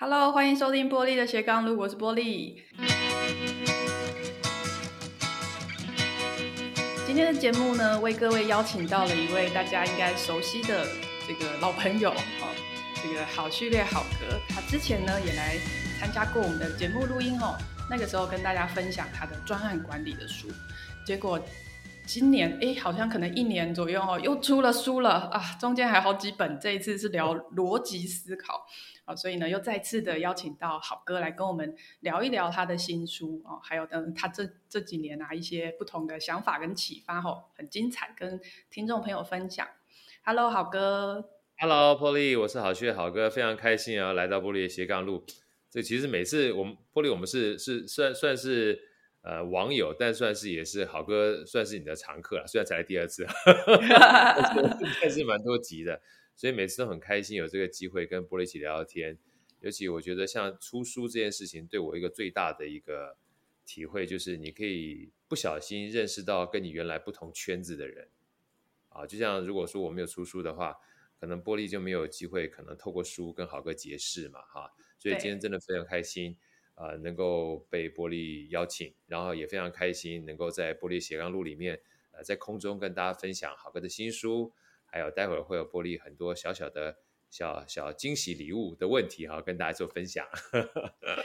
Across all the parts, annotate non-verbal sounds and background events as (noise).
Hello，歡迎收聽波莉的斜槓路。我是波莉。今天的節目呢，為各位邀請到了一位大家應該熟悉的這個老朋友、哦、這個郝旭烈郝哥。他之前呢也來參加過我們的節目錄音哦，那個時候跟大家分享他的專案管理的書，結果今年哎，好像可能一年左右哦，又出了書了啊，中間還好幾本，這一次是聊邏輯思考。哦、所以呢，又再次的邀請到郝哥來跟我們聊一聊他的新書哦，還有嗯，他這這幾年啊一些不同的想法跟啟發哦，很精彩，跟聽眾朋友分享。Hello，郝哥。Hello，波莉，我是郝旭烈郝哥，非常開心啊，來到波莉的斜槓路。這其實每次我們波莉，波莉，我們是是算算是呃網友，但算是也是郝哥，算是你的常客了，雖然才來第二次， (laughs) (laughs) 但是蠻多集的。所以每次都很開心有這個機會跟波莉一起聊聊天，尤其我覺得像出書這件事情，對我一個最大的一個體會就是，你可以不小心認識到跟你原來不同圈子的人，啊，就像如果說我沒有出書的話，可能波莉就沒有機會可能透過書跟郝哥結識嘛，哈，所以今天真的非常開心，啊對、呃，能夠被波莉邀請，然後也非常開心能夠在波莉斜槓路裡面，呃，在空中跟大家分享郝哥的新書。還有待會兒會有波莉很多小小的小小驚喜禮物的問題哈，跟大家做分享。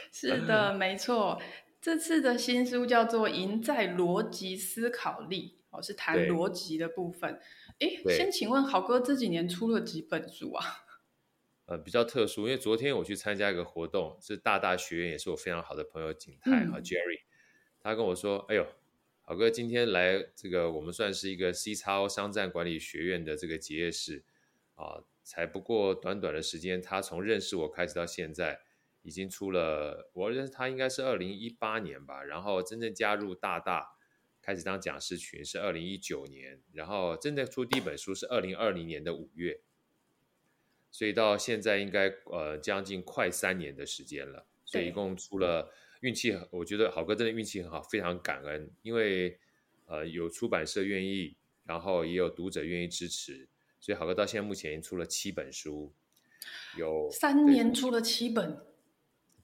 (laughs) 是的，沒錯，這次的新書叫做《贏在邏輯思考力》，哦，是談邏輯的部分。哎對，先請問郝哥這幾年出了幾本書啊？呃、嗯，比較特殊，因為昨天我去參加一個活動，是大大學院，也是我非常好的朋友景泰和、嗯、Jerry，他跟我說：“哎呦。”郝哥，今天來這個，我們算是一個 CXO 商戰管理學院的這個結業式啊，才不過短短的時間，他從認識我開始到現在，已經出了，我認識他應該是二零一八年吧，然後真正加入大大開始當講師群是二零一九年，然後真正出第一本書是二零二零年的五月，所以到現在應該呃將近快三年的時間了，所以一共出了。運氣，我覺得郝哥真的運氣很好，非常感恩，因為呃有出版社願意，然後也有讀者願意支持，所以郝哥到現在目前已經出了七本書，有三年出了七本，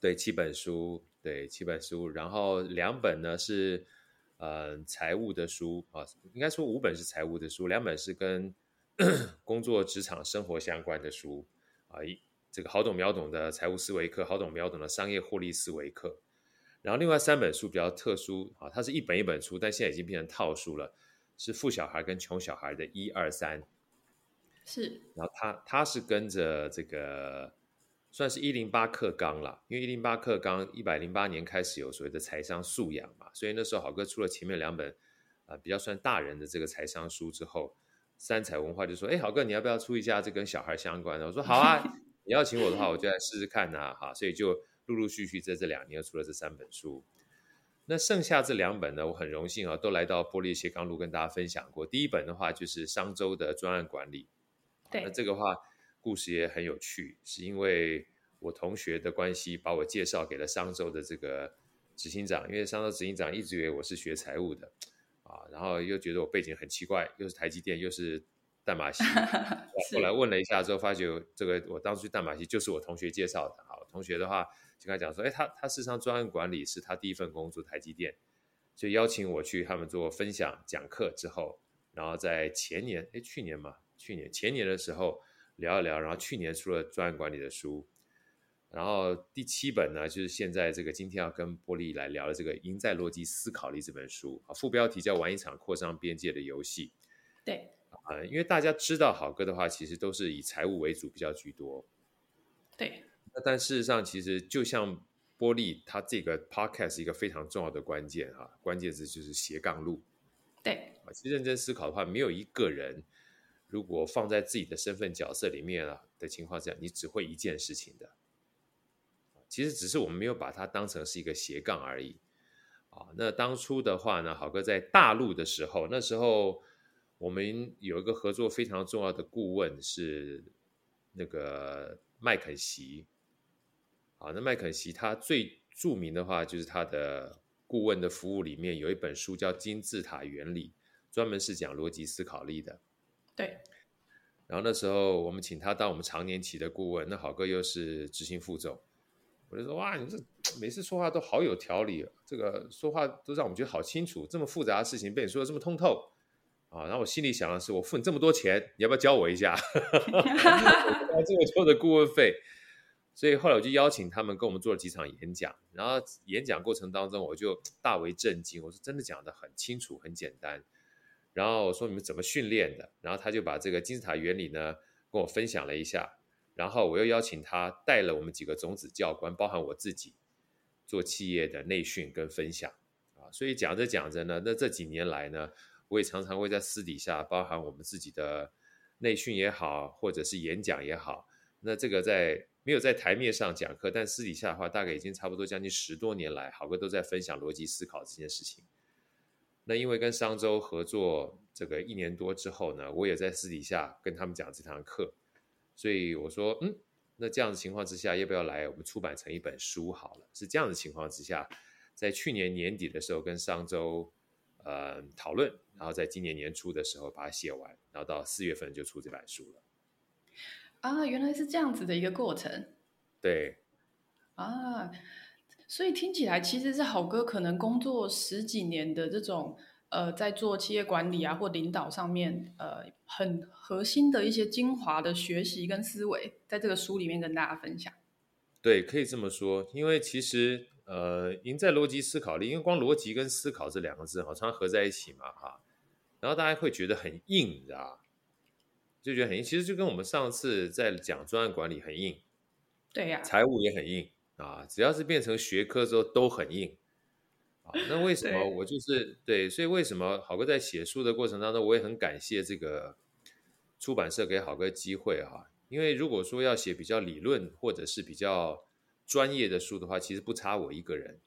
對，對七本書，對七本書，然後兩本呢是嗯、呃、財務的書啊，應該說五本是財務的書，兩本是跟咳咳工作、職場、生活相關的書啊，一、這個郝董秒懂的財務思維課，郝董秒懂的商業獲利思維課。然後另外三本書比較特殊啊，它是一本一本書，但現在已經變成套書了，是富小孩跟窮小孩的一二三，是。然後他他是跟着這個，算是一零八課綱了，因為一零八課綱一百零八年開始有所謂的財商素養嘛，所以那時候郝哥出了前面兩本啊、呃，比較算大人的這個財商書之後，三采文化就說，哎、欸，郝哥你要不要出一下這跟小孩相關的？我說好啊， (laughs) 你要請我的話，我就來試試看吶、啊，哈，所以就。陸陸續續在這兩年又出了這三本書，那剩下這兩本呢？我很榮幸啊，都來到波莉的斜槓路跟大家分享過。第一本的話就是商周的專案管理，對、啊，那這個話故事也很有趣，是因為我同學的關係把我介紹給了商周的這個執行長，因為商周執行長一直以為我是學財務的啊，然後又覺得我背景很奇怪，又是台積電，又是淡馬錫。 (laughs) 是後來問了一下之後，發覺這個我當初去淡馬錫就是我同學介紹的。啊、同學的話。就跟他講說，哎，他他事實上專案管理是他第一份工作，台積電就邀請我去他們做分享講課之後，然後在前年，哎，去年嘛，去年前年的時候聊一聊，然後去年出了專案管理的書，然後第七本呢，就是現在這個今天要跟波莉來聊的這個《贏在邏輯思考力》這本書啊，副標題叫《玩一場擴張邊界的遊戲》，對，嗯，因為大家知道郝哥的話，其實都是以財務為主比較居多，對。但事實上，其實就像波莉，他這個 podcast 是一個非常重要的關鍵哈、啊，關鍵詞就是斜槓路。對。其實認真思考的話，沒有一個人如果放在自己的身份角色裡面啊的情況下，你只會一件事情的。其實只是我們沒有把它當成是一個斜槓而已啊。那當初的話呢，郝哥在大陸的時候，那時候我們有一個合作非常重要的顧問是那個麥肯錫。啊，那麥肯錫他最著名的話就是他的顧問的服務裡面有一本書叫《金字塔原理》，專門是講邏輯思考力的。對。然後那時候我們請他當我們常年期的顧問，那好哥又是執行副總，我就說哇，你這每次說話都好有條理，這個說話都讓我們覺得好清楚，這麼複雜的事情被你說的這麼通透啊！然後我心裡想的是，我付你這麼多錢，你要不要教我一下？哈哈哈哈哈！這麼多的顧問費。所以後來我就邀請他們跟我們做了幾場演講，然後演講過程當中我就大為震驚，我說真的講得很清楚、很簡單，然後我說你們怎麼訓練的？然後他就把這個金字塔原理呢跟我分享了一下，然後我又邀請他帶了我們幾個種子教官，包含我自己，做企業的內訓跟分享啊，所以講着講着呢，那這幾年來呢，我也常常會在私底下，包含我們自己的內訓也好，或者是演講也好，那這個在。沒有在台面上講課，但私底下的話，大概已經差不多將近十多年來，郝哥都在分享邏輯思考這件事情。那因為跟商周合作這個一年多之後呢，我也在私底下跟他們講這堂課，所以我說，嗯，那這樣的情況之下，要不要來我們出版成一本書好了？是這樣的情況之下，在去年年底的時候跟商周嗯、呃、討論，然後在今年年初的時候把它寫完，然後到四月份就出這本書了。啊，原來是這樣子的一個過程，對，啊，所以聽起來其實是郝哥可能工作十幾年的這種呃，在做企業管理啊或領導上面呃，很核心的一些精華的學習跟思維，在這個書裡面跟大家分享。對，可以這麼說，因為其實呃，贏在邏輯思考力，因為光邏輯跟思考這兩個字哈，常常合在一起嘛哈，然後大家會覺得很硬，你知道。就覺得很硬，其實就跟我們上次在講專案管理很硬，對呀、啊，財務也很硬啊，只要是變成學科之後都很硬啊。那為什麼我就是，對。對，所以為什麼好哥在寫書的過程當中，我也很感謝這個出版社給好哥機會哈、啊，因為如果說要寫比較理論或者是比較專業的書的話，其實不差我一個人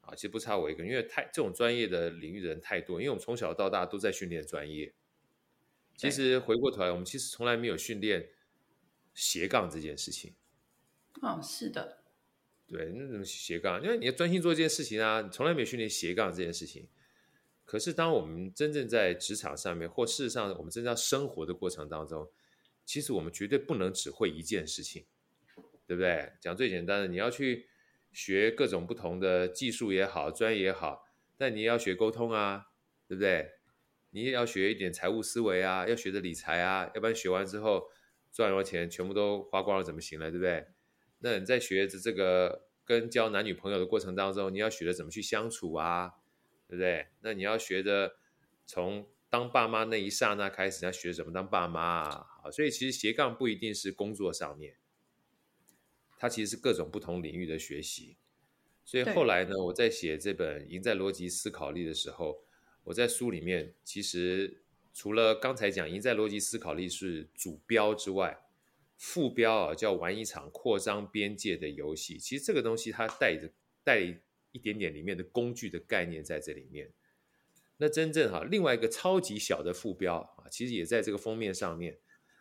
啊，其實不差我一個人，因為太這種專業的領域的人太多，因為我們從小到大都在訓練專業。其實回過頭來，對我們其實從來沒有訓練斜槓這件事情。哦，是的，對，那種斜槓，因為你要專心做一件事情啊，你從來沒有訓練斜槓這件事情。可是，當我們真正在職場上面，或事實上我們真正要生活的過程當中，其實我們絕對不能只會一件事情，對不對？講最簡單的，你要去學各種不同的技術也好，專業也好，但你也要學溝通啊，對不對？你也要學一點財務思維啊，要學着理財啊，要不然學完之後賺了錢全部都花光了怎麼行了，對不對？那你在學着這個跟交男女朋友的過程當中，你要學着怎麼去相處啊，對不對？那你要學着從當爸媽那一剎那開始要學怎麼當爸媽啊。好，所以其實斜槓不一定是工作上面，它其實是各種不同領域的學習。所以後來呢，我在寫這本《贏在邏輯思考力》的時候。我在書裡面，其實除了剛才講贏在邏輯思考力是主標之外，副標啊叫玩一場擴張邊界的遊戲。其實這個東西它帶着帶一點點裡面的工具的概念在這裡面。那真正哈、啊，另外一個超級小的副標啊，其實也在這個封面上面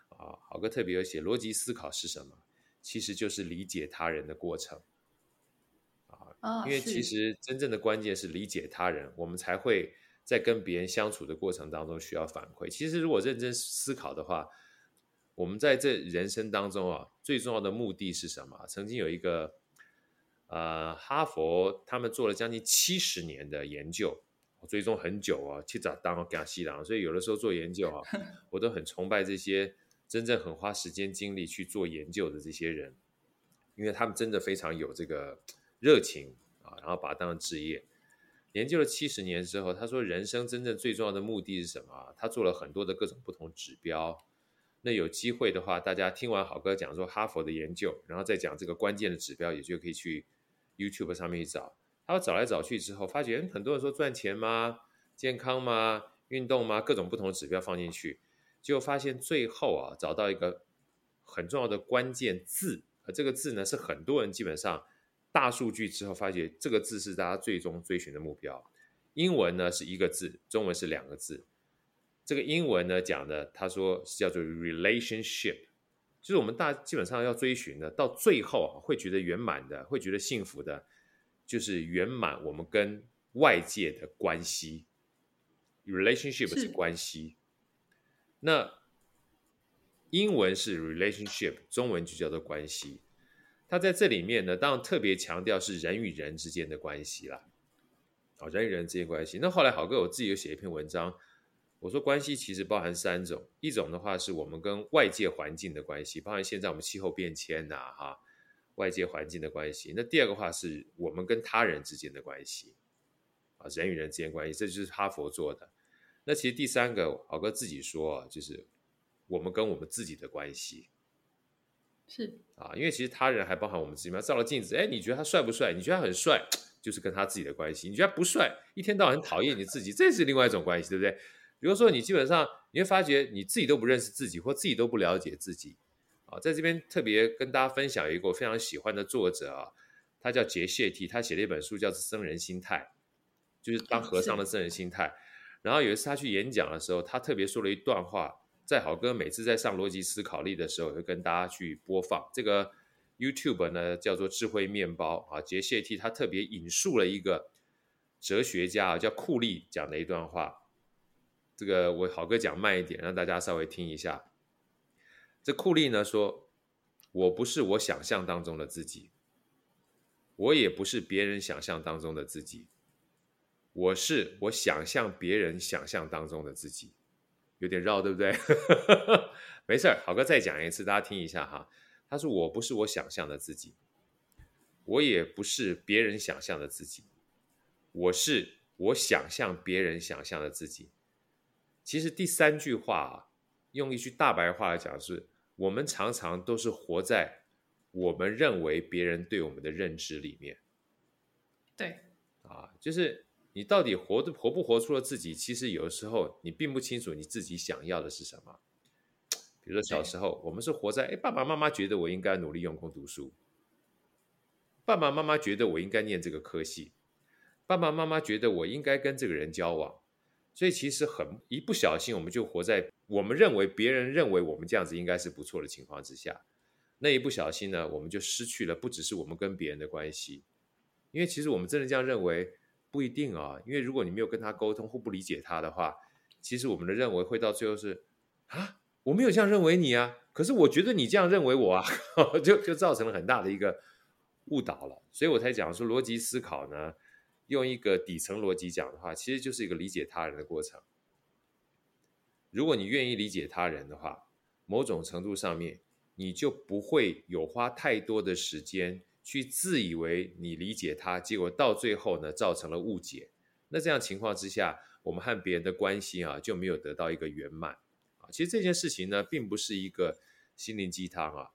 啊，郝哥特別有寫邏輯思考是什麼？其實就是理解他人的過程啊，因為其實真正的關鍵是理解他人，我們才會。在跟別人相處的過程當中，需要反饋。其實，如果認真思考的話，我們在這人生當中啊，最重要的目的是什麼？曾經有一個，呃，哈佛他們做了將近七十年的研究，我追蹤很久啊、哦，去找檔案、看資料，所以有的時候做研究啊，我都很崇拜這些真正很花時間精力去做研究的這些人，因為他們真的非常有這個熱情啊，然後把它當成職業。研究了七十年之後，他說：“人生真正最重要的目的是什麼？”他做了很多的各種不同指標。那有機會的話，大家聽完郝哥講說哈佛的研究，然後再講這個關鍵的指標，也就可以去 YouTube 上面去找。他說找來找去之後，發現很多人說賺錢嗎？健康嗎？運動嗎？各種不同的指標放進去，就發現最後啊，找到一個很重要的關鍵字，而這個字呢，是很多人基本上。大數據之後，發覺這個字是大家最終追尋的目標。英文呢是一個字，中文是兩個字。這個英文呢講的，他說是叫做 relationship，就是我們大基本上要追尋的，到最後、啊、會覺得圓滿的，會覺得幸福的，就是圓滿我們跟外界的關係。是。relationship 是關係，那英文是 relationship，中文就叫做關係。他在這裡面呢，當然特別強調是人與人之間的關係啦，哦，人與人之間關係。那後來郝哥我自己有寫一篇文章，我說關係其實包含三種，一種的話是我們跟外界環境的關係，包含現在我們氣候變遷吶、啊、哈、啊，外界環境的關係。那第二個話是我們跟他人之間的關係，啊，人與人之間關係，這就是哈佛做的。那其實第三個，郝哥自己說、啊，就是我們跟我們自己的關係。是啊，因為其實他人還包含我們自己嘛，照了鏡子，哎，你覺得他帥不帥？你覺得他很帥，就是跟他自己的關係；你覺得他不帥，一天到晚很討厭你自己，這是另外一種關係，對不對？比如說你基本上，你會發覺你自己都不認識自己，或自己都不了解自己。啊，在這邊特別跟大家分享一個我非常喜歡的作者啊，他叫傑謝蒂，他寫了一本書叫《僧人心態》，就是當和尚的僧人心態。是然後有一次他去演講的時候，他特別說了一段話。在郝哥每次在上邏輯思考力的時候，也會跟大家去播放這個 YouTube 呢，叫做《智慧面包》啊，杰謝替他特別引述了一個哲學家叫庫利講的一段話。這個我郝哥講慢一點，讓大家稍微聽一下。這庫利呢說：“我不是我想象當中的自己，我也不是別人想象當中的自己，我是我想象別人想象當中的自己。”有點繞，對不對？ (laughs) 沒事兒，郝哥再講一次，大家聽一下哈。他說：“我不是我想象的自己，我也不是別人想象的自己，我是我想象別人想象的自己。”其實第三句話啊，用一句大白話來講是，是我們常常都是活在我們認為別人對我們的認知裡面。對，啊，就是。你到底活得活不活出了自己？其實有時候你並不清楚你自己想要的是什麼。比如說小時候，對我們是活在誒、哎，爸爸媽媽覺得我應該努力用功讀書，爸爸媽媽覺得我應該念這個科系，爸爸媽媽媽覺得我應該跟這個人交往。所以其實很一不小心，我們就活在我們認為別人認為我們這樣子應該是不錯的情況之下。那一不小心呢，我們就失去了不只是我們跟別人的關係，因為其實我們真的這樣認為。不一定啊、哦，因為如果你沒有跟他溝通，或不理解他的話，其實我們的認為會到最後是啊，我沒有這樣認為你啊，可是我覺得你這樣認為我啊，呵呵就就造成了很大的一個誤導了。所以我才講說，邏輯思考呢，用一個底層邏輯講的話，其實就是一個理解他人的過程。如果你願意理解他人的話，某種程度上面，你就不會有花太多的時間。去自以為你理解他，結果到最後呢，造成了誤解。那這樣情況之下，我們和別人的關係啊，就沒有得到一個圓滿啊。其實這件事情呢，並不是一個心靈雞湯啊，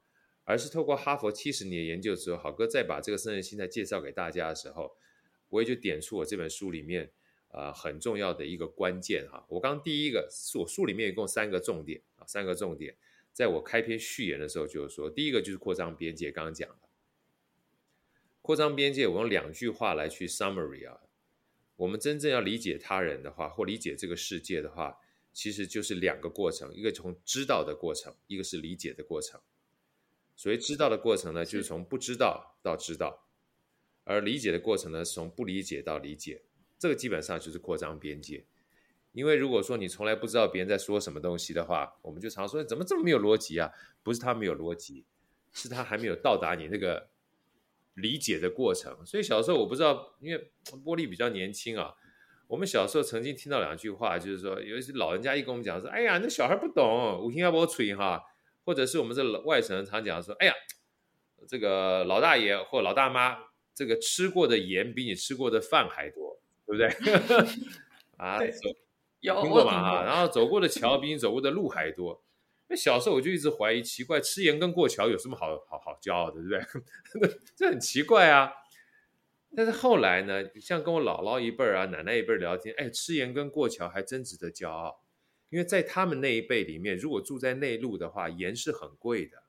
而是透過哈佛七十年研究之後，郝哥再把這個聖人心態介紹給大家的時候，我也就點出我這本書裡面呃很重要的一個關鍵哈、啊。我剛第一個，我書裡面一共三個重點啊，三個重點，在我開篇序言的時候就是說，第一個就是擴張邊界，剛剛講的。擴張邊界，我用兩句話來去 summary 啊。我們真正要理解他人的話，或理解這個世界的話，其實就是兩個過程：一個從知道的過程，一個是理解的過程。所謂知道的過程呢，就是從不知道到知道；而理解的過程呢，是從不理解到理解。這個基本上就是擴張邊界。因為如果說你從來不知道別人在說什麼東西的話，我們就常說怎麼這麼沒有邏輯啊？不是他沒有邏輯，是他還沒有到達你那個。理解的過程，所以小時候我不知道，因為波莉比較年輕啊。我們小時候曾經聽到兩句話，就是說有一些老人家一跟我們講說：“哎呀，那小孩不懂，五行要多吹哈。”或者是我們這老外省人常講說：“哎呀，這個老大爺或老大媽，這個吃過的鹽比你吃過的飯還多，對不對？” (laughs) 啊，對以有聽過嗎啊， (laughs) 然後走過的橋比你走過的路還多。小時候我就一直懷疑，奇怪，吃鹽跟過橋有什麼好好好驕傲的，對不對？ (laughs) 這很奇怪啊。但是後來呢，像跟我姥姥一輩兒啊、奶奶一輩兒聊天，哎，吃鹽跟過橋還真值得驕傲，因為在他們那一輩裡面，如果住在內陸的話，鹽是很貴的，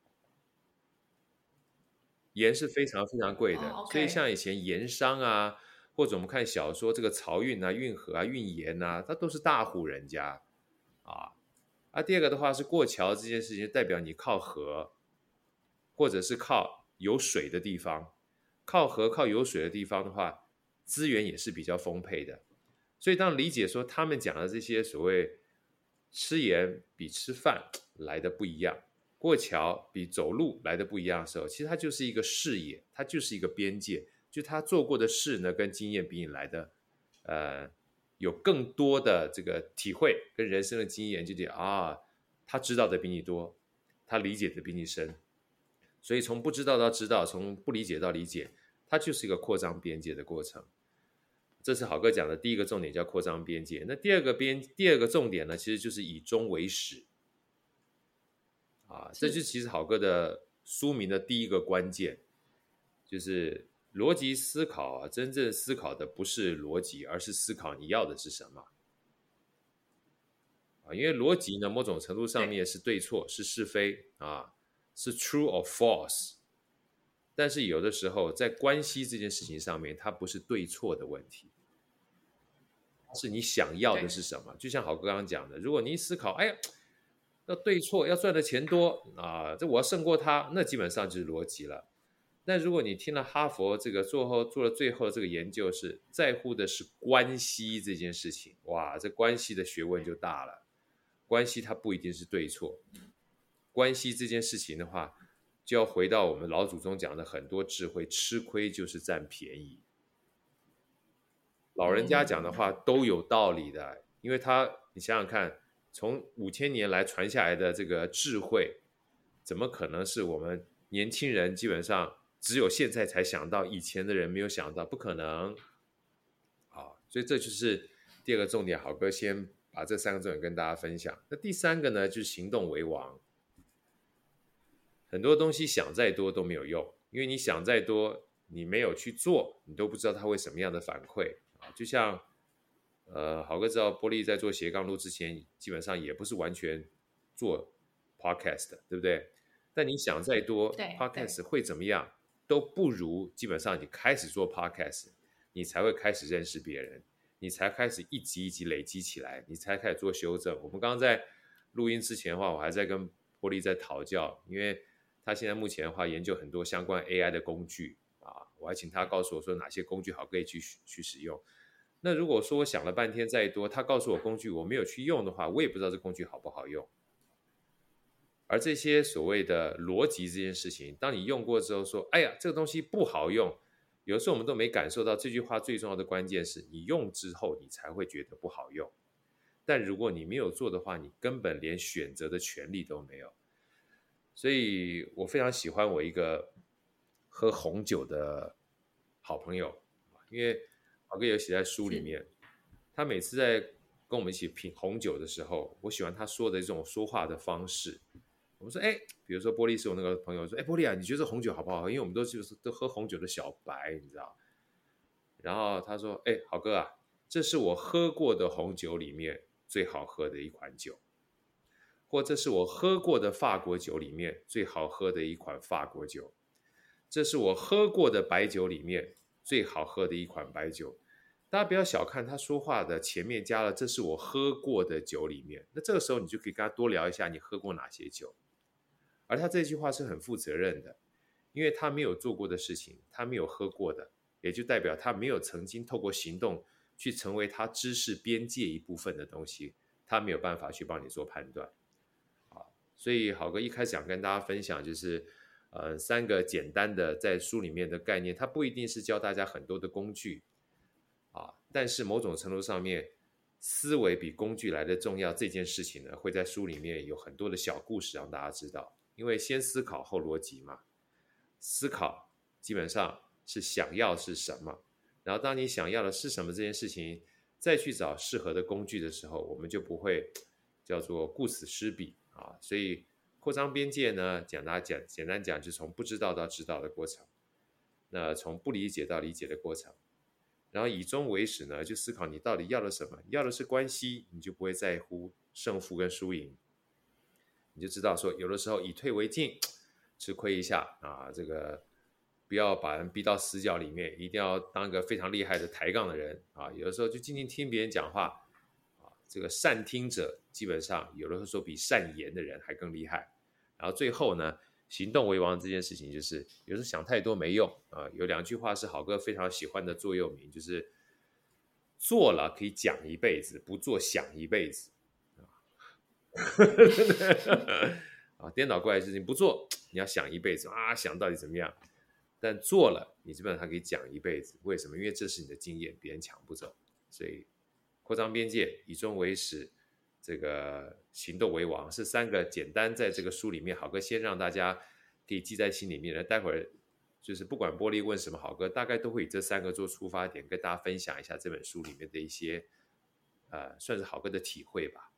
鹽是非常非常貴的。哦，okay。所以像以前鹽商啊，或者我們看小說這個漕運啊、運河啊、運鹽吶，啊，它都是大戶人家啊。啊，第二個的話是過橋這件事情，代表你靠河，或者是靠有水的地方。靠河、靠有水的地方的話，資源也是比較豐沛的。所以，當理解說他們講的這些所謂吃鹽比吃飯來的不一樣，過橋比走路來的不一樣的時候，其實它就是一個視野，它就是一個邊界，就他做過的事呢，跟經驗比你來的，呃。有更多的這個體會跟人生的經驗，就講、是、啊，他知道的比你多，他理解的比你深，所以從不知道到知道，從不理解到理解，它就是一個擴張邊界的過程。這是郝哥講的第一個重點，叫擴張邊界。那第二個邊，第二個重點呢，其實就是以終為始。啊，是這就其實郝哥的書名的第一個關鍵，就是。邏輯思考啊，真正思考的不是邏輯，而是思考你要的是什麼啊。因為邏輯呢，某種程度上面是對錯、對、是是非啊，是 true or false。但是有的時候在關係這件事情上面，它不是對錯的問題，是你想要的是什麼？對就像郝哥剛剛講的，如果你思考，哎呀，要對錯，要賺的錢多啊，這我要勝過他，那基本上就是邏輯了。那如果你聽了哈佛這個做後做了最後這個研究是，是在乎的是關係這件事情，哇，這關係的學問就大了。關係它不一定是對錯，關係這件事情的話，就要回到我們老祖宗講的很多智慧，吃虧就是佔便宜。老人家講的話都有道理的，因為他你想想看，從五千年來傳下來的這個智慧，怎麼可能是我們年輕人基本上？只有現在才想到，以前的人沒有想到，不可能，啊，所以這就是第二個重點。郝哥先把這三個重點跟大家分享。那第三個呢，就是行動為王。很多東西想再多都沒有用，因為你想再多，你沒有去做，你都不知道他會什麼樣的反饋啊。就像，呃，郝哥知道波莉在做斜槓路之前，基本上也不是完全做 podcast，對不對？但你想再多對對，podcast 會怎麼樣？都不如，基本上你開始做 podcast，你才會開始認識別人，你才開始一集一集累積起來，你才開始做修正。我們剛剛在錄音之前的話，我還在跟波莉在討教，因為他現在目前的話研究很多相關 AI 的工具啊，我還請他告訴我說哪些工具好可以去去使用。那如果說我想了半天再多，他告訴我工具我沒有去用的話，我也不知道這工具好不好用。而這些所謂的邏輯這件事情，當你用過之後，說“哎呀，這個東西不好用”，有時候我們都沒感受到。這句話最重要的關鍵是你用之後，你才會覺得不好用。但如果你沒有做的話，你根本連選擇的權力都沒有。所以我非常喜歡我一個喝紅酒的好朋友，因為郝哥有寫在書裡面。他每次在跟我們一起品紅酒的時候，我喜歡他說的這種說話的方式。我說：“哎，比如說，波莉是我那個朋友說，哎，波莉啊，你覺得紅酒好不好喝？因為我們都就是都喝紅酒的小白，你知道。然後他說：哎，郝哥啊，這是我喝過的紅酒裡面最好喝的一款酒，或者這是我喝過的法國酒裡面最好喝的一款法國酒，這是我喝過的白酒裡面最好喝的一款白酒。大家不要小看他說話的前面加了這是我喝過的酒裡面。那這個時候你就可以跟他多聊一下你喝過哪些酒。”而他這句話是很負責任的，因為他沒有做過的事情，他沒有喝過的，也就代表他沒有曾經透過行動去成為他知識邊界一部分的東西，他沒有辦法去幫你做判斷。啊，所以郝哥一開始想跟大家分享就是，呃，三個簡單的在書裡面的概念，它不一定是教大家很多的工具，啊，但是某種程度上面，思維比工具來的重要，這件事情呢，會在書裡面有很多的小故事讓大家知道。因為先思考後邏輯嘛，思考基本上是想要是什麼，然後當你想要的是什麼這件事情，再去找適合的工具的時候，我們就不會叫做顧此失彼啊。所以擴張邊界呢，簡單講，簡單講就是從不知道到知道的過程，那從不理解到理解的過程，然後以終為始呢，就思考你到底要的什麼，要的是關係，你就不會在乎勝負跟輸贏。你就知道說，有的時候以退為進，吃虧一下啊，這個不要把人逼到死角裡面，一定要當一個非常厲害的抬槓的人啊。有的時候就靜靜聽別人講話啊，這個善聽者基本上有的時候比善言的人還更厲害。然後最後呢，行動為王這件事情就是，有時候想太多沒用啊。有兩句話是郝哥非常喜歡的座右銘，就是做了可以講一輩子，不做想一輩子。啊， (laughs) 顛倒過來的事情不做，你要想一輩子啊，想到底怎麼樣？但做了，你基本上還可以講一輩子。為什麼？因為這是你的經驗，別人搶不走。所以，擴張邊界，以終為始，這個行動為王，是三個簡單在這個書裡面，郝哥先讓大家可以記在心裡面。來，待會兒就是不管波莉問什麼，郝哥大概都會以這三個做出發點，跟大家分享一下這本書裡面的一些，呃，算是郝哥的體會吧。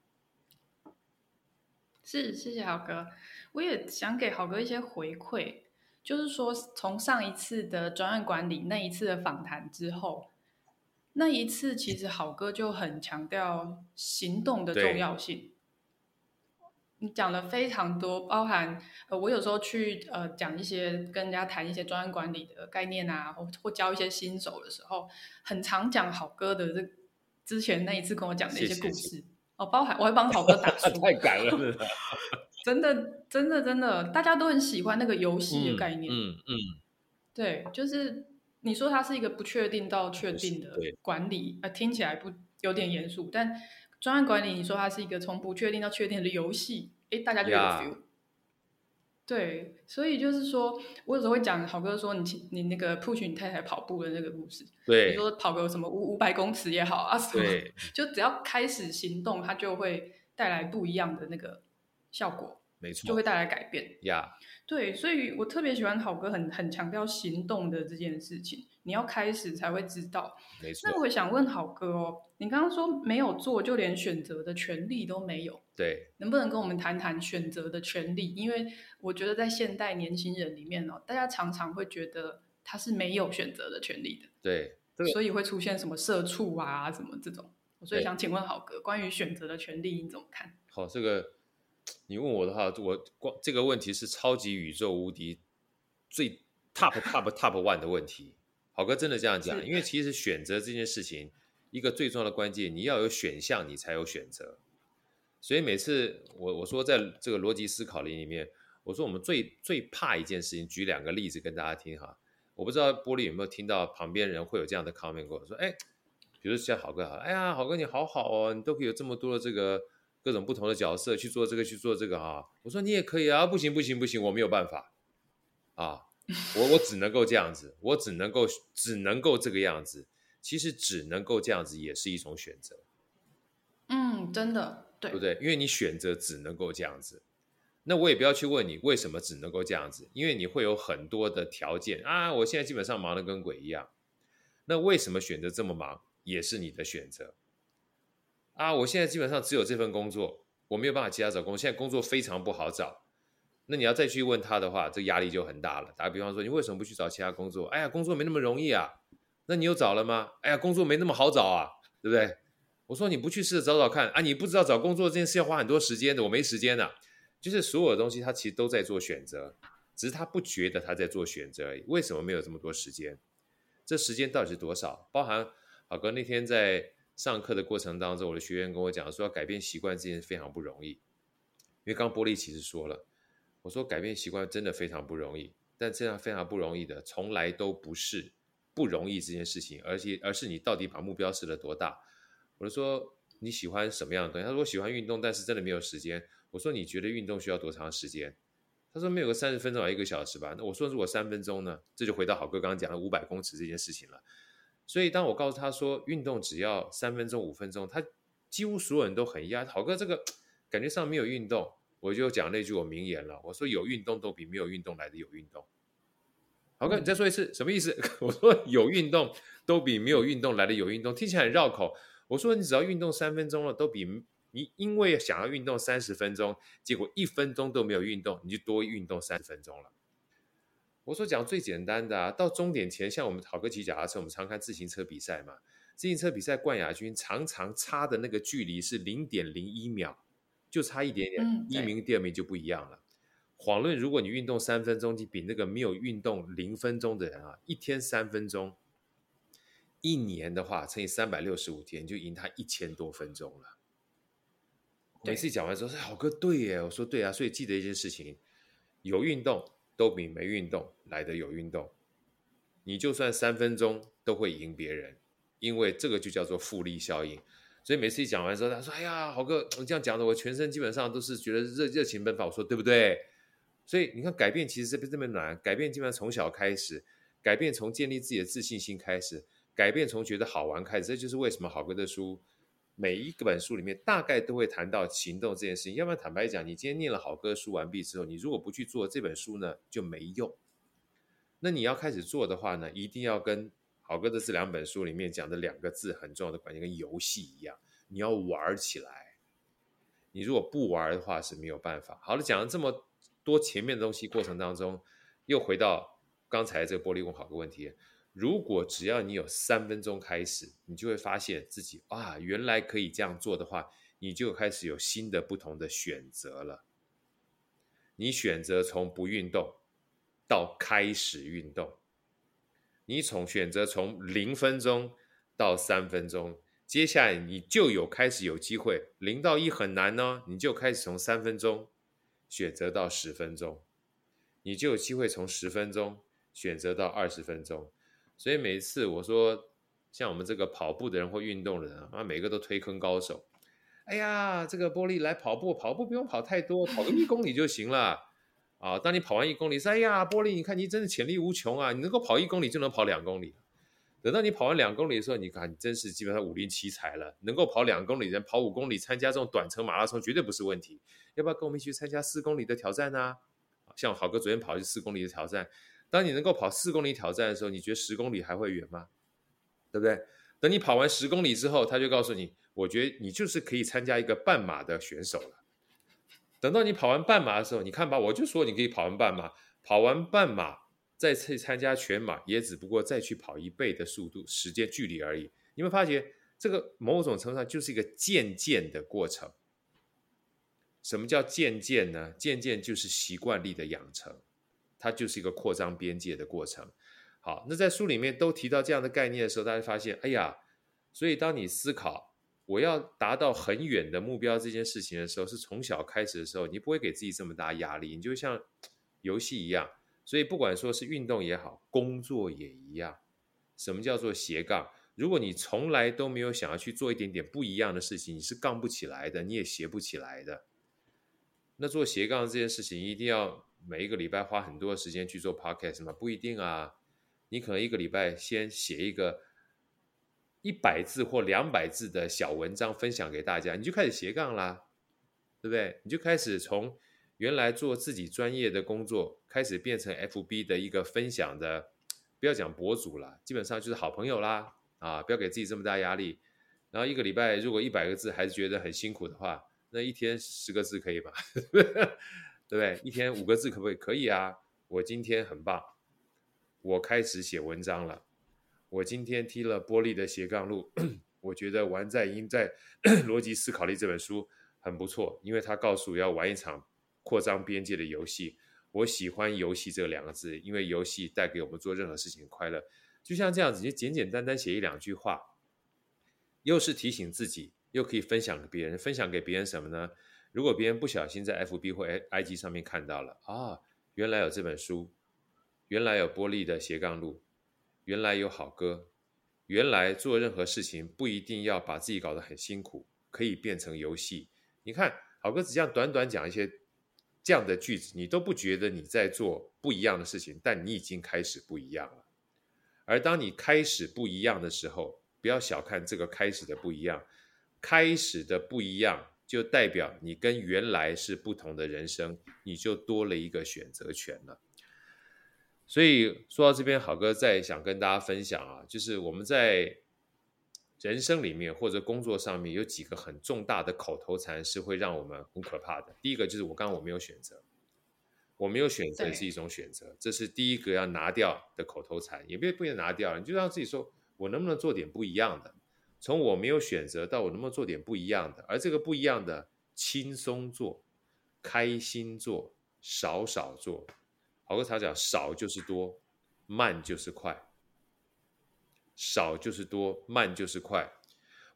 是，謝謝郝哥。我也想給郝哥一些回饋，就是說，從上一次的專案管理那一次的訪談之後，那一次其實郝哥就很強調行動的重要性。對你講了非常多，包含呃，我有時候去呃講一些跟人家談一些專案管理的概念啊，或或教一些新手的時候，很常講郝哥的這之前那一次跟我講的一些故事。謝謝謝謝哦，包含我還幫郝哥打書。太敢了，真的，真的，真的，大家都很喜歡那個遊戲的概念，嗯嗯，嗯嗯，對，就是你說它是一個不確定到確定的管理，就是呃、聽起來不有點嚴肅，但專案管理，你說它是一個從不確定到確定的遊戲，誒，大家就有 feel。Yeah. 對，所以就是說我有時候會講郝哥說，你你那個 push 你太太跑步的那個故事。對，你說跑個什麼五五百公尺也好啊什麼，對，就只要開始行動，它就會帶來不一樣的那個效果，沒錯，就會帶來改變，yeah. 對，所以我特別喜歡郝哥很很強調行動的這件事情，你要開始才會知道。沒錯。那我想問郝哥哦，你剛剛說沒有做，就連選擇的權利都沒有。對。能不能跟我們談談選擇的權利？因為我覺得在現代年輕人裡面哦，大家常常會覺得他是沒有選擇的權利的。對。對，所以會出現什麼社畜啊什麼這種？我所以想請問郝哥，對關於選擇的權利，你怎麼看？好，這個。你問我的話，我光這個問題是超級宇宙無敵最 top top top one 的問題。郝哥真的這樣講，是因為其實選擇這件事情，一個最重要的關鍵，你要有選項，你才有選擇。所以每次我我說在這個邏輯思考裡裡面，我說我們最最怕一件事情，舉兩個例子跟大家聽哈。我不知道波莉有沒有聽到旁邊人會有這樣的 comment，跟我說，哎，比如像郝哥哈，哎呀，郝哥你好好哦，你都可以有這麼多的這個。各種不同的角色去做這個去做這個啊，我說你也可以啊，不行不行不行，我沒有辦法啊，我我只能夠這樣子，我只能夠只能夠這個樣子。其實只能夠這樣子也是一種選擇。嗯，真的，對，對不對？因為你選擇只能夠這樣子，那我也不要去問你為什麼只能夠這樣子，因為你會有很多的條件啊，我現在基本上忙得跟鬼一樣，那為什麼選擇這麼忙也是你的選擇。啊，我現在基本上只有這份工作，我沒有辦法其他找工作。現在工作非常不好找，那你要再去問他的話，這壓力就很大了。打比方說，你為什麼不去找其他工作？哎呀，工作沒那麼容易啊。那你又找了嗎？哎呀，工作沒那麼好找啊，對不對？我說你不去試着找找看啊，你不知道找工作這件事要花很多時間的，我沒時間啊。就是所有的東西他其實都在做選擇，只是他不覺得他在做選擇而已。為什麼沒有這麼多時間？這時間到底是多少？包含郝哥那天在。上課的過程當中，我的學員跟我講說，要改變習慣這件事非常不容易，因為剛剛波莉其實說了，我說改變習慣真的非常不容易，但這樣非常不容易的，從來都不是不容易這件事情，而且而是你到底把目標設了多大。我就說你喜歡什麼樣的東西？他說我喜歡運動，但是真的沒有時間。我說你覺得運動需要多長時間？他說沒有個三十分鐘一個小時吧。那我說如果三分鐘呢？這就回到郝哥剛剛講的五百公尺這件事情了。所以，當我告訴他說運動只要三分鐘、五分鐘，他幾乎所有人都很訝。郝哥這個感覺上沒有運動。我就講了那句我名言了，我說有運動都比沒有運動來的有運動。郝哥，你再說一次，什麼意思？我說有運動都比沒有運動來的有運動，聽起來很繞口。我說你只要運動三分鐘了，都比你因為想要運動三十分鐘，結果一分鐘都沒有運動，你就多運動三十分鐘了。我說講最簡單的啊，到終點前，像我們郝哥騎腳踏車，車，我們常看自行車比賽嘛。自行車比賽冠亞軍常常差的那個距離是零點零一秒，就差一點點，嗯、一名跟第二名就不一樣了。換論，如果你運動三分鐘，你比那個沒有運動零分鐘的人啊，一天三分鐘，一年的話乘以三百六十五天，你就贏他一千多分鐘了。對每次講完之後，說、哎、郝哥對耶，我說對啊，所以記得一件事情，有運動。都比沒運動來得有運動，你就算三分鐘都會贏別人，因為這個就叫做複利效應。所以每次一講完之後，他說：“哎呀，好哥，你這樣講的，我全身基本上都是覺得熱，熱情奔放，我說：“對不對？”所以你看，改變其實這邊這麼難，改變基本上從小開始，改變從建立自己的自信心開始，改變從覺得好玩開始，這就是為什麼好哥的書。每一個本書裡面大概都會談到行動這件事情，要不然坦白講，你今天念了郝哥書完畢之後，你如果不去做這本書呢，就沒用。那你要開始做的話呢，一定要跟郝哥的這兩本書裡面講的兩個字很重要的關鍵，跟遊戲一樣，你要玩起來。你如果不玩的話是沒有辦法。好了，講了這麼多前面的東西過程當中，又回到剛才這個波莉問郝哥問題。如果只要你有三分鐘開始，你就會發現自己啊，原來可以這樣做的話，你就開始有新的不同的選擇了。你選擇從不運動到開始運動，你從選擇從零分鐘到三分鐘，接下來你就有開始有機會，零到一很難哦，你就開始從三分鐘選擇到十分鐘，你就有機會從十分鐘選擇到二十分鐘。所以每次我說，像我們這個跑步的人或運動的人啊，每個都推坑高手。哎呀，這個波莉來跑步，跑步不用跑太多，跑個一公里就行了。啊，當你跑完一公里，哎呀，波莉，你看你真是潛力無窮啊，你能夠跑一公里就能跑兩公里。等到你跑完兩公里的時候，你看你真是基本上武林奇才了，能夠跑兩公里，人跑五公里，參加這種短程馬拉松絕對不是問題。要不要跟我們一起去參加四公里的挑戰呢，啊？像郝哥昨天跑去四公里的挑戰。當你能夠跑四公里挑戰的時候，你覺得十公里還會遠嗎？對不對？等你跑完十公里之後，他就告訴你，我覺得你就是可以參加一個半馬的選手了。等到你跑完半馬的時候，你看吧，我就說你可以跑完半馬。跑完半馬再去參加全馬，也只不過再去跑一倍的速度、時間、距離而已。你們發覺這個某種程度上就是一個漸漸的過程。什麼叫漸漸呢？漸漸就是習慣力的養成。它就是一個擴張邊界的過程。好，那在書裡面都提到這樣的概念的時候，大家發現，哎呀，所以當你思考我要達到很遠的目標這件事情的時候，是從小開始的時候，你不會給自己這麼大壓力，你就像遊戲一樣。所以不管說是運動也好，工作也一樣。什麼叫做斜槓？如果你從來都沒有想要去做一點點不一樣的事情，你是槓不起來的，你也斜不起來的。那做斜槓這件事情，一定要。每一個禮拜花很多時間去做 podcast 嘛？不一定啊，你可能一個禮拜先寫一個一百字或兩百字的小文章分享給大家，你就開始斜槓啦，對不對？你就開始從原來做自己專業的工作，開始變成 FB 的一個分享的，不要講博主了，基本上就是好朋友啦啊，不要給自己這麼大壓力。然後一個禮拜如果一百個字還是覺得很辛苦的話，那一天十個字可以吧？ (laughs) 對不對？一天五個字可不可以？可以啊！我今天很棒，我開始寫文章了。我今天踢了波莉的斜槓路。我覺得《贏在邏輯思考力》這本書很不錯，因為他告訴我要玩一場擴張邊界的遊戲。我喜歡“遊戲”這兩個字，因為遊戲帶給我們做任何事情的快樂。就像這樣子，你就簡簡單單寫一兩句話，又是提醒自己，又可以分享給別人。分享給別人什麼呢？如果別人不小心在 FB 或 IG 上面看到了啊，原來有這本書，原來有波莉的斜槓路，原來有郝哥，原來做任何事情不一定要把自己搞得很辛苦，可以變成遊戲。你看，郝哥只這樣短短講一些這樣的句子，你都不覺得你在做不一樣的事情，但你已經開始不一樣了。而當你開始不一樣的時候，不要小看這個開始的不一樣，開始的不一樣，就代表你跟原來是不同的人生，你就多了一個選擇權了。所以說到這邊，郝哥再想跟大家分享啊，就是我們在人生裡面或者工作上面有幾個很重大的口頭禪是會讓我們很可怕的。第一個就是我剛剛我沒有選擇，我沒有選擇是一種選擇，對這是第一個要拿掉的口頭禪，也不要不要拿掉了，你就讓自己說我能不能做點不一樣的。從我沒有選擇到我能不能做點不一樣的，而這個不一樣的，輕鬆做、開心做、少少做，郝哥常講，少就是多，慢就是快，少就是多，慢就是快。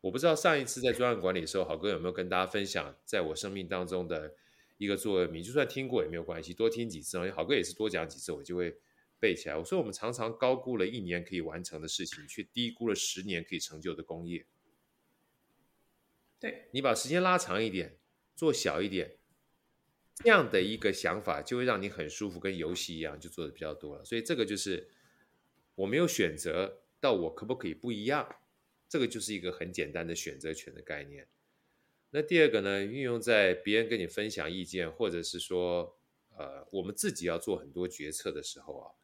我不知道上一次在專案管理的時候，郝哥有沒有跟大家分享在我生命當中的一個座右銘，就算聽過也沒有關係，多聽幾次，因為郝哥也是多講幾次，我就會。背起來，我說我們常常高估了一年可以完成的事情，卻低估了十年可以成就的功業。對，你把時間拉長一點，做小一點，這樣的一個想法，就會讓你很舒服，跟遊戲一樣，就做得比較多了。所以這個就是我沒有選擇，到我可不可以不一樣，這個就是一個很簡單的選擇權的概念。那第二個呢，運用在別人跟你分享意見，或者是說，呃，我們自己要做很多決策的時候啊。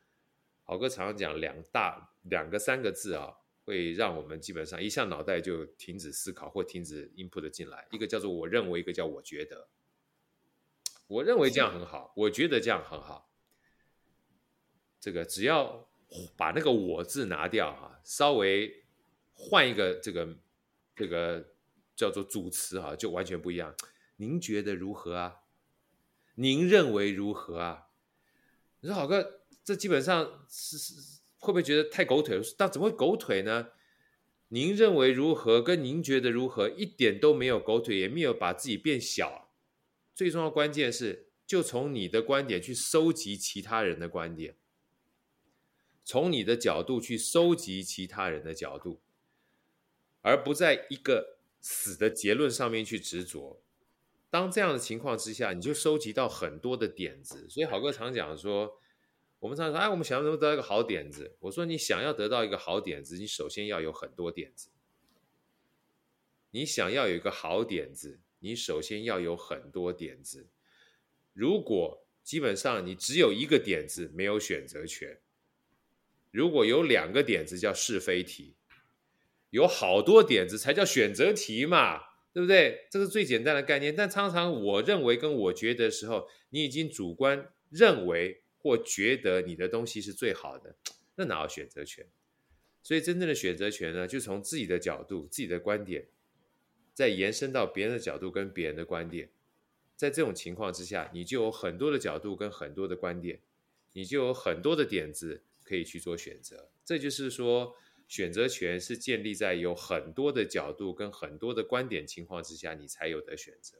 郝哥常常講兩大兩個三個字啊，會讓我們基本上一下腦袋就停止思考或停止 input 進來。一個叫做我認為，一個叫我覺得。我認為這樣很好，是我覺得這樣很好。這個只要把那個“我”字拿掉哈、啊，稍微換一個這個這個叫做主詞哈、啊，就完全不一樣。您覺得如何啊？您認為如何啊？你說，郝哥。這基本上是是會不會覺得太狗腿？但怎麼會狗腿呢？您認為如何？跟您覺得如何？一點都沒有狗腿，也沒有把自己變小。最重要關鍵是，就從你的觀點去收集其他人的觀點，從你的角度去收集其他人的角度，而不在一個死的結論上面去執着。當這樣的情況之下，你就收集到很多的點子。所以，郝哥常講說。我們常常說：“哎，我們想要得到一個好點子。”我說：“你想要得到一個好點子，你首先要有很多點子。你想要有一個好點子，你首先要有很多點子。如果基本上你只有一個點子，沒有選擇權；如果有兩個點子叫是非題，有好多點子才叫選擇題嘛，對不對？這是最簡單的概念。但常常我認為跟我覺得的時候，你已經主觀認為。”或覺得你的東西是最好的，那哪有選擇權？所以真正的選擇權呢，就從自己的角度、自己的觀點，再延伸到別人的角度跟別人的觀點，在這種情況之下，你就有很多的角度跟很多的觀點，你就有很多的點子可以去做選擇。這就是說，選擇權是建立在有很多的角度跟很多的觀點情況之下，你才有的選擇。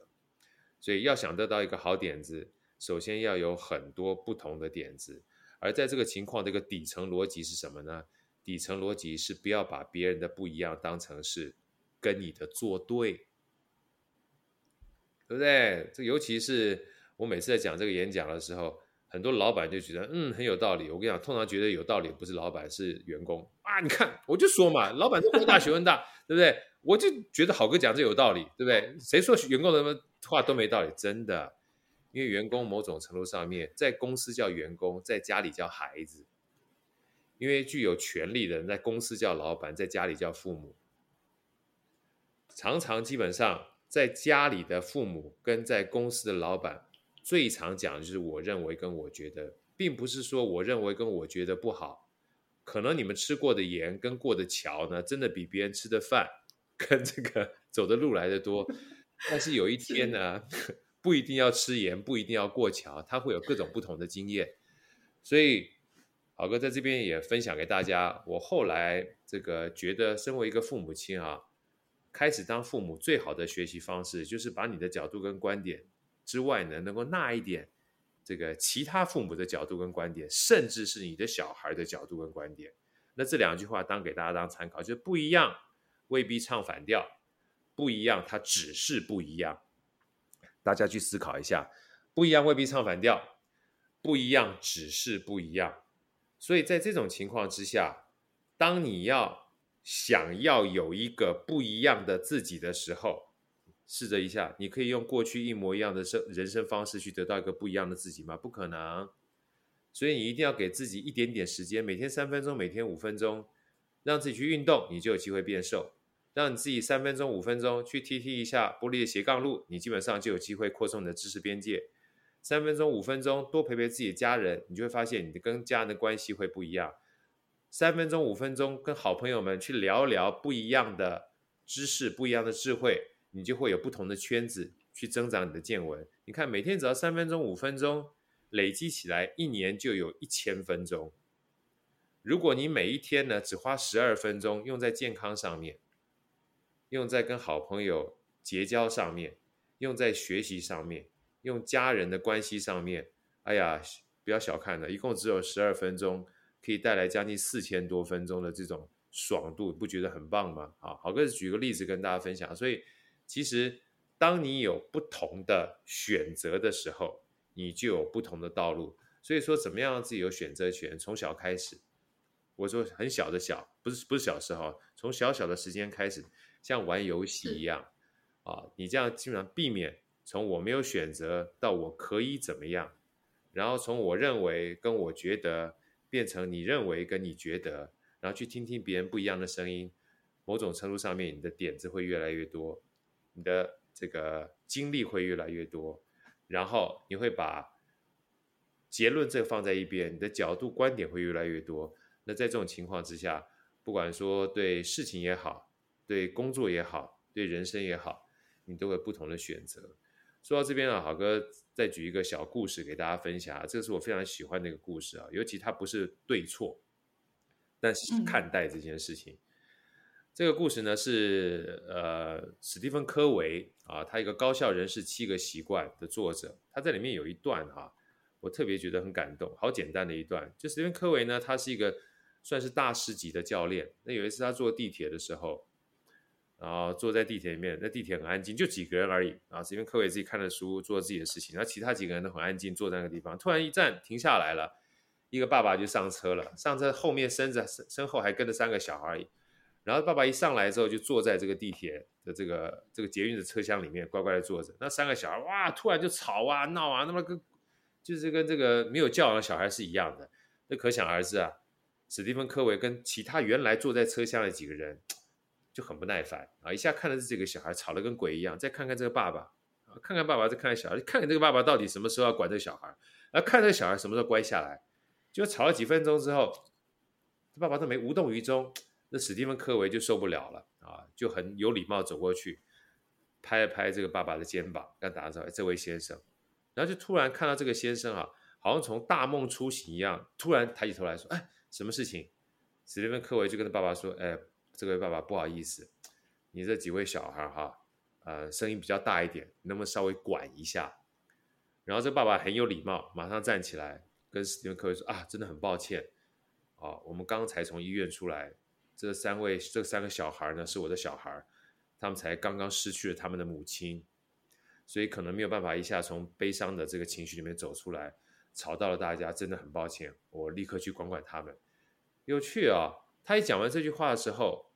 所以要想得到一個好點子。首先要有很多不同的點子，而在這個情況，這個底層邏輯是什麼呢？底層邏輯是不要把別人的不一樣當成是跟你的作對，對不對？這尤其是我每次在講這個演講的時候，很多老板就覺得嗯，很有道理。我跟你講，通常覺得有道理不是老板是員工啊。你看，我就說嘛，老板都官大學問大，對不對？我就覺得郝哥講這有道理，對不對？誰說員工的話都沒道理？真的。因為員工某種程度上面，在公司叫員工，在家裡叫孩子；因為具有權力的人在公司叫老闆，在家裡叫父母。常常基本上在家裡的父母跟在公司的老闆最常講的就是“我認為”跟“我覺得”，並不是說“我認為”跟“我覺得”不好。可能你們吃過的鹽跟過的橋呢，真的比別人吃的飯跟這個走的路來得多。但是有一天呢？ (laughs) 不一定要吃鹽，不一定要過橋，他會有各種不同的經驗。所以，郝哥在這邊也分享給大家。我後來這個覺得，身為一個父母親啊，開始當父母最好的學習方式，就是把你的角度跟觀點之外呢，能夠納一點這個其他父母的角度跟觀點，甚至是你的小孩的角度跟觀點。那這兩句話當給大家當參考，就是、不一樣，未必唱反調，不一樣，它只是不一樣。大家去思考一下，不一樣未必唱反調，不一樣只是不一樣。所以在這種情況之下，當你要想要有一個不一樣的自己的時候，試着一下，你可以用過去一模一樣的生人生方式去得到一個不一樣的自己嗎？不可能。所以你一定要給自己一點點時間，每天三分鐘，每天五分鐘，讓自己去運動，你就有機會變瘦。讓你自己三分鐘、五分鐘去 T T 一下波莉的斜槓路，你基本上就有機會擴充你的知識邊界。三分鐘、五分鐘多陪陪自己的家人，你就會發現你跟家人的關係會不一樣。三分鐘、五分鐘跟好朋友們去聊聊不一樣的知識、不一樣的智慧，你就會有不同的圈子去增長你的見聞。你看，每天只要三分鐘、五分鐘累積起來，一年就有一千分鐘。如果你每一天呢只花十二分鐘用在健康上面，用在跟好朋友結交上面，用在學習上面，用家人的關係上面。哎呀，不要小看了，一共只有十二分鐘，可以帶來將近四千多分鐘的這種爽度，不覺得很棒嗎？啊，好，郝哥舉個例子跟大家分享。所以，其實當你有不同的選擇的時候，你就有不同的道路。所以說，怎麼樣讓自己有選擇權？從小開始。我說很小的小，不是不是小時候，從小小的時間開始，像玩遊戲一樣，是啊，你這樣基本上避免從我沒有選擇到我可以怎麼樣，然後從我認為跟我覺得變成你認為跟你覺得，然後去聽聽別人不一樣的聲音，某種程度上面，你的點子會越來越多，你的這個經歷會越來越多，然後你會把結論這個放在一邊，你的角度觀點會越來越多。那在這種情況之下，不管說對事情也好，對工作也好，對人生也好，你都有不同的選擇。說到這邊啊，郝哥再舉一個小故事給大家分享這、啊、這是我非常喜歡的一個故事啊，尤其它不是對錯，但是看待這件事情。這個故事呢是呃，史蒂芬·柯維啊，他一個高效人士七個習慣的作者，他在裡面有一段哈、啊，我特別覺得很感動，好簡單的一段，就是史蒂芬·柯維呢，他是一個。算是大師級的教練。那有一次他坐地鐵的時候，然後坐在地鐵裡面，那地鐵很安靜，就幾個人而已。啊，後這邊客戶自己看了書，做了自己的事情。然後其他幾個人都很安靜，坐在那個地方。突然一站停下來了，一個爸爸就上車了，上車後面身子身身後還跟着三個小孩。然後爸爸一上來之後，就坐在這個地鐵的這個這個捷運的車廂裡面乖乖的坐着。那三個小孩哇，突然就吵啊鬧啊，那麼跟就是跟這個沒有教養的小孩是一樣的。那可想而知啊。史蒂芬·科維跟其他原來坐在車廂的幾個人就很不耐煩啊！一下看着這幾個小孩吵得跟鬼一樣，再看看這個爸爸啊，看看爸爸，再看看小孩，看看這個爸爸到底什麼時候要管這個小孩，然後看這個小孩什麼時候乖下來。結果吵了幾分鐘之後，爸爸都沒無動於衷，那史蒂芬·科維就受不了了啊！就很有禮貌走過去，拍了拍這個爸爸的肩膀，跟他打招呼：“這位先生。”然後就突然看到這個先生啊，好像從大夢初醒一樣，突然抬起頭來說：“哎。”什麼事情？史蒂芬·科維就跟他爸爸說：“哎，這位爸爸不好意思，你這幾位小孩哈，呃，聲音比較大一點，能不能稍微管一下？”然後這爸爸很有禮貌，馬上站起來跟史蒂芬·科維說：“啊，真的很抱歉，啊、哦，我們剛才從醫院出來，這三位這三個小孩呢是我的小孩，他們才剛剛失去了他們的母親，所以可能沒有辦法一下從悲傷的這個情緒裡面走出來。”吵到了大家，真的很抱歉，我立刻去管管他們。有趣啊、哦！他一講完這句話的時候，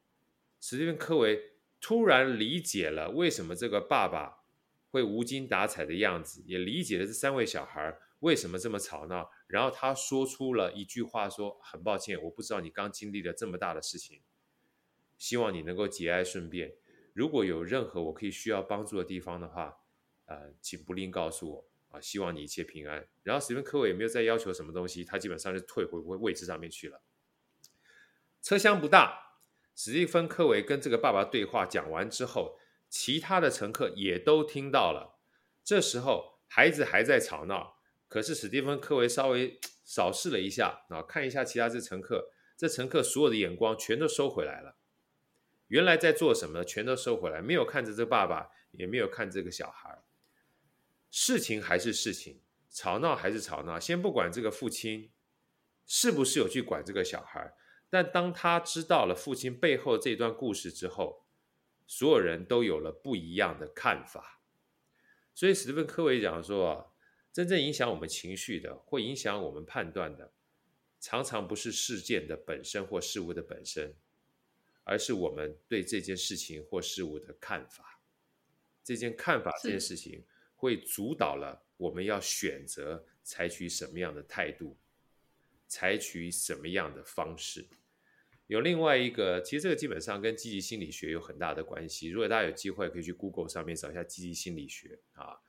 史蒂芬·科維突然理解了為什麼這個爸爸會無精打采的樣子，也理解了這三位小孩為什麼這麼吵鬧。然後他說出了一句話說：說很抱歉，我不知道你剛經歷了這麼大的事情，希望你能夠節哀順變。如果有任何我可以需要幫助的地方的話，呃，請不吝告訴我。啊，希望你一切平安。然後史蒂芬·科維也沒有再要求什麼東西，他基本上是退回位置上面去了。車廂不大，史蒂芬·科維跟這個爸爸對話講完之後，其他的乘客也都聽到了。這時候孩子還在吵鬧，可是史蒂芬·科維稍微掃視了一下啊，看一下其他的乘客，這乘客所有的眼光全都收回來了。原來在做什麼呢？全都收回來，沒有看着這個爸爸，也沒有看這個小孩。事情還是事情，吵鬧還是吵鬧。先不管這個父親是不是有去管這個小孩，但當他知道了父親背後這段故事之後，所有人都有了不一樣的看法。所以史蒂芬·科維講說啊，真正影響我們情緒的，或影響我們判斷的，常常不是事件的本身或事物的本身，而是我們對這件事情或事物的看法。這件看法，這件事情。會主導了我們要選擇採取什麼樣的態度，採取什麼樣的方式。有另外一個，其實這個基本上跟積極心理學有很大的關係。如果大家有機會，可以去 Google 上面找一下積極心理學啊。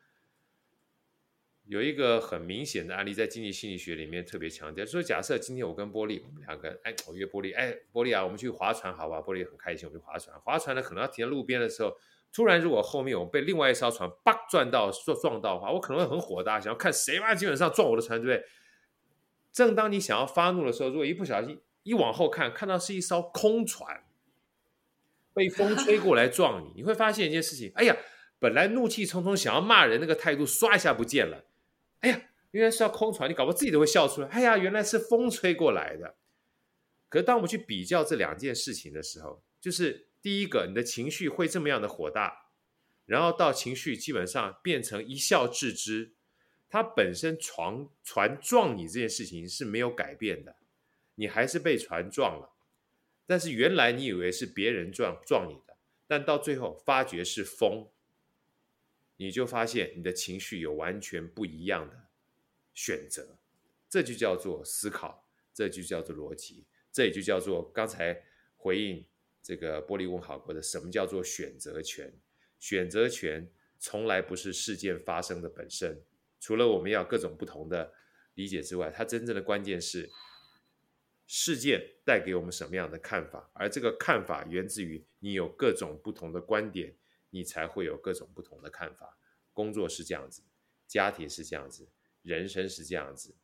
有一個很明顯的案例，在積極心理學裡面特別強調，就是，說假設今天我跟波莉，我們兩個人，哎，我約波莉，哎，波莉啊，我們去划船好不好？波莉很開心，我們去划船。划船呢，可能要停在路邊的時候。突然，如果後面我被另外一艘船叭撞到，撞到的話，我可能會很火大，想要看誰嘛？基本上撞我的船對不對？正當你想要發怒的時候，如果一不小心一往後看，看到是一艘空船被風吹過來撞你，你會發現一件事情：哎呀，本來怒氣沖沖想要罵人那個態度，刷一下不見了。哎呀，原來是艘空船，你搞不好自己都會笑出來。哎呀，原來是風吹過來的。可是當我們去比較這兩件事情的時候，就是。第一個，你的情緒會這麼樣的火大，然後到情緒基本上變成一笑置之。它本身船船撞你這件事情是沒有改變的，你還是被船撞了。但是原來你以為是別人撞撞你的，但到最後發覺是風，你就發現你的情緒有完全不一樣的選擇。這就叫做思考，這就叫做邏輯，這也就叫做剛才回應。這個波莉問郝哥的什麼叫做選擇權？選擇權從來不是事件發生的本身，除了我們要各種不同的理解之外，它真正的關鍵是事件帶給我們什麼樣的看法，而這個看法源自於你有各種不同的觀點，你才會有各種不同的看法。工作是這樣子，家庭是這樣子，人生是這樣子。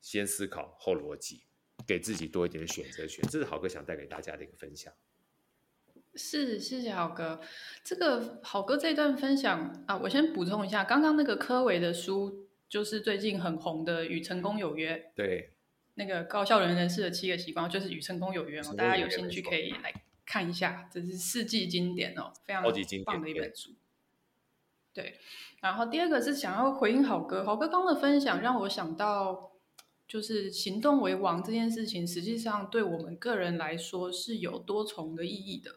先思考後邏輯，給自己多一點選擇權，這是郝哥想帶給大家的一個分享。是謝謝郝哥，這個郝哥這段分享啊，我先補充一下，剛剛那個柯維的書就是最近很紅的《與成功有約》，對，那個高效能人士的七個習慣就是《與成功有約》哦有約哦，大家有興趣可以來看一下，這是世紀經典哦，非常棒的一本書。對，然後第二個是想要回應郝哥，郝哥剛，剛的分享讓我想到，就是行動為王這件事情，實際上對我們個人來說是有多重的意義的。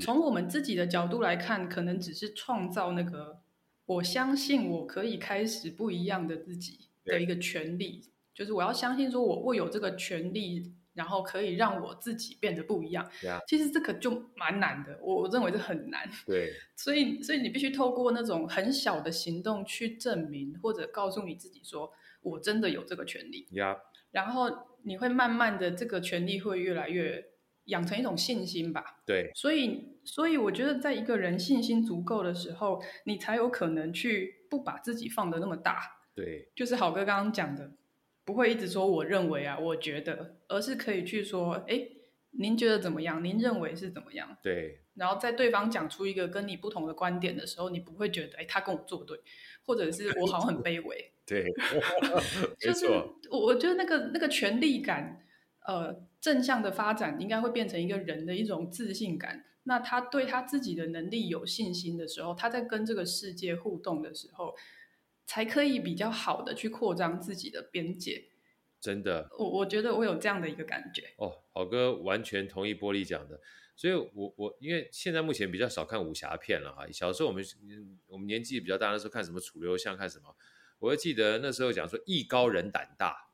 從我們自己的角度來看，可能只是創造那個，我相信我可以開始不一樣的自己的一個權利，對就是我要相信說我會有這個權利，然後可以讓我自己變得不一樣。對其實這個就蠻難的，我認為是很難。對，所以所以你必須透過那種很小的行動去證明，或者告訴你自己說我真的有這個權利。對然後你會慢慢的這個權利會越來越。養成一種信心吧。對，所以所以我覺得，在一個人信心足夠的時候，你才有可能去不把自己放得那麼大。對，就是郝哥剛剛講的，不會一直說我認為啊，我覺得，而是可以去說，哎，您覺得怎麼樣？您認為是怎麼樣？對。然後在對方講出一個跟你不同的觀點的時候，你不會覺得哎，他跟我作對，或者是我好像很卑微。對，沒錯。我覺得那個那個權力感，呃，正向的發展應該會變成一個人的一種自信感。那他對他自己的能力有信心的時候，他在跟這個世界互動的時候，才可以比較好的去擴張自己的邊界。真的，我我覺得我有這樣的一個感覺。哦，郝哥完全同意波莉講的。所以我，我我因為現在目前比較少看武俠片了哈。小時候我們我們年紀比較大那時候看什麼楚留香看什麼，我會記得那時候講說，藝高人膽大。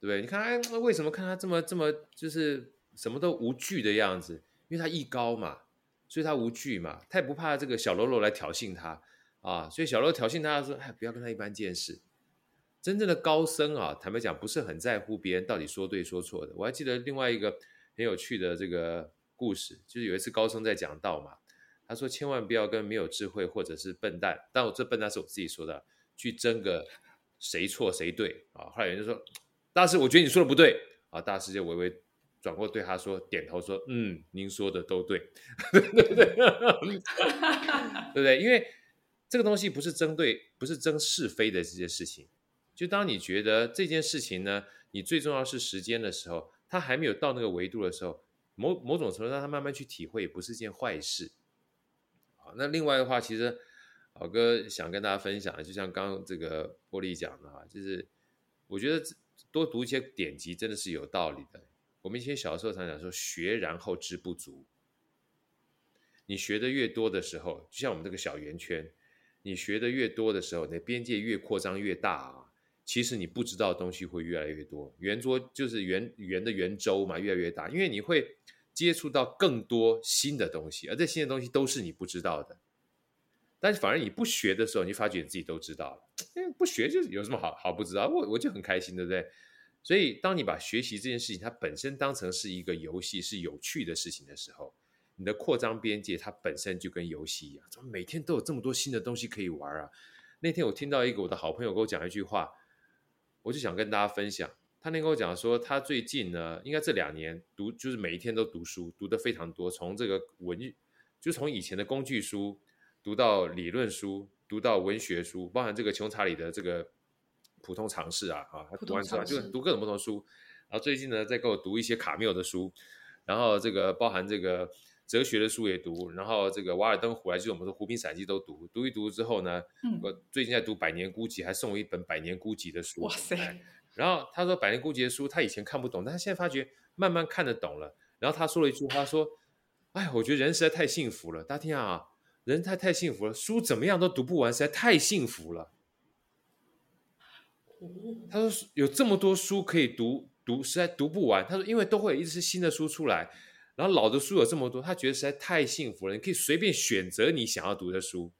對，你看，他、哎、為什麼看他這麼這麼就是什麼都無懼的樣子？因為他藝高嘛，所以他無懼嘛，他也不怕這個小嘍囉來挑釁他啊。所以小嘍囉挑釁他說：“哎，不要跟他一般見識。”真正的高僧啊，坦白講不是很在乎別人到底說對說錯的。我還記得另外一個很有趣的這個故事，就是有一次高僧在講道嘛，他說：“千萬不要跟沒有智慧或者是笨蛋，但我這笨蛋是我自己說的，去爭個誰錯誰對啊。”後來有人就說。大師，我覺得你說的不對啊！大師就微微轉過對他說，點頭說：“嗯，您說的都對，對不對？因為這個東西不是針對，不是爭是非的這件事情。就當你覺得這件事情呢，你最重要是時間的時候，他還沒有到那個維度的時候，某某種程度讓他慢慢去體會，也不是件壞事。那另外的話，其實郝哥想跟大家分享的，就像剛剛這個波莉講的哈，就是我覺得。多讀一些典籍，真的是有道理的。我們以前小時候常講說“學然後知不足”，你學的越多的時候，就像我們這個小圓圈，你學的越多的時候，那邊界越擴張越大啊。其實你不知道的東西會越來越多，圓桌就是圓圓的圓周嘛，越來越大，因為你會接觸到更多新的東西，而這新的東西都是你不知道的。但是反而你不學的時候，你發覺你自己都知道了。因為不學就有什麼好好不知道，我我就很開心，對不對？所以當你把學習這件事情，它本身當成是一個遊戲，是有趣的事情的時候，你的擴張邊界它本身就跟遊戲一樣。怎麼每天都有這麼多新的東西可以玩啊？那天我聽到一個我的好朋友跟我講一句話，我就想跟大家分享。他那天跟我講說，他最近呢，應該這兩年讀就是每一天都讀書，讀得非常多，從這個文就從以前的工具書。讀到理論書，讀到文學書，包含這個窮查理的這個普通常識啊常識啊，啊啊讀完之後，就讀各種不同書。然後最近呢，在給我讀一些卡繆的書，然後這個包含這個哲學的書也讀，然後這個《瓦爾登湖》還、就是我們的《湖濱散記》都讀。讀一讀之後呢，我、嗯、最近在讀《百年孤寂》，還送我一本《百年孤寂》的書。哇塞、哎！然後他說，《百年孤寂》的書他以前看不懂，但他現在發覺慢慢看得懂了。然後他說了一句話，說：“哎，我覺得人實在太幸福了。”大家聽下啊。人太太幸福了，書怎麼樣都讀不完，實在太幸福了。他說有這麼多書可以讀，讀實在讀不完。他說，因為都會有一些新的書出來，然後老的書有這麼多，他覺得實在太幸福了。你可以隨便選擇你想要讀的書。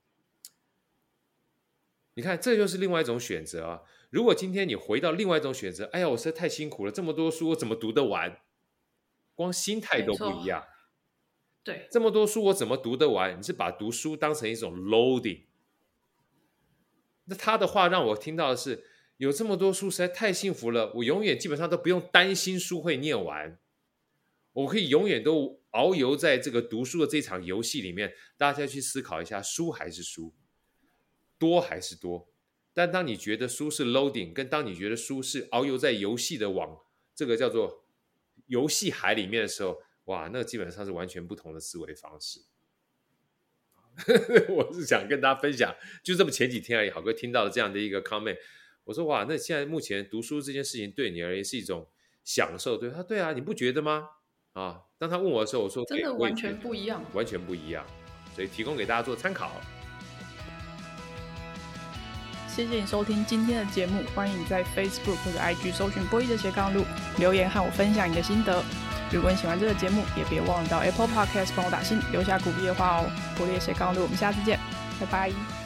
你看，這就是另外一種選擇啊。如果今天你回到另外一種選擇，哎呀，我實在太辛苦了，這麼多書我怎麼讀得完？光心態都不一樣。對，這麼多書我怎麼讀得完？你是把讀書當成一種 loading？那他的話讓我聽到的是，有這麼多書實在太幸福了，我永遠基本上都不用擔心書會念完，我可以永遠都遨遊在這個讀書的這場遊戲裡面。大家去思考一下，書還是書，多還是多？但當你覺得書是 loading，跟當你覺得書是遨遊在遊戲的網，這個叫做遊戲海裡面的時候。哇，那個、基本上是完全不同的思維方式。 (laughs) 我是想跟大家分享，就這麼前幾天而已，好哥聽到了這樣的一個 n t 我說哇，那現在目前讀書這件事情對你而言是一種享受，對他說，對啊，你不覺得嗎？啊，當他問我的時候，我說真的、欸、完，全完全不一樣，完全不一樣，所以提供給大家做參考。謝謝你收聽今天的節目，歡迎你在 Facebook 或者 IG 搜尋波易的斜槓路，留言和我分享你的心得。如果你喜歡這個節目，也別忘了到 Apple Podcast 幫我打星，留下鼓勵的話哦。不列些干的，我們下次見，拜拜。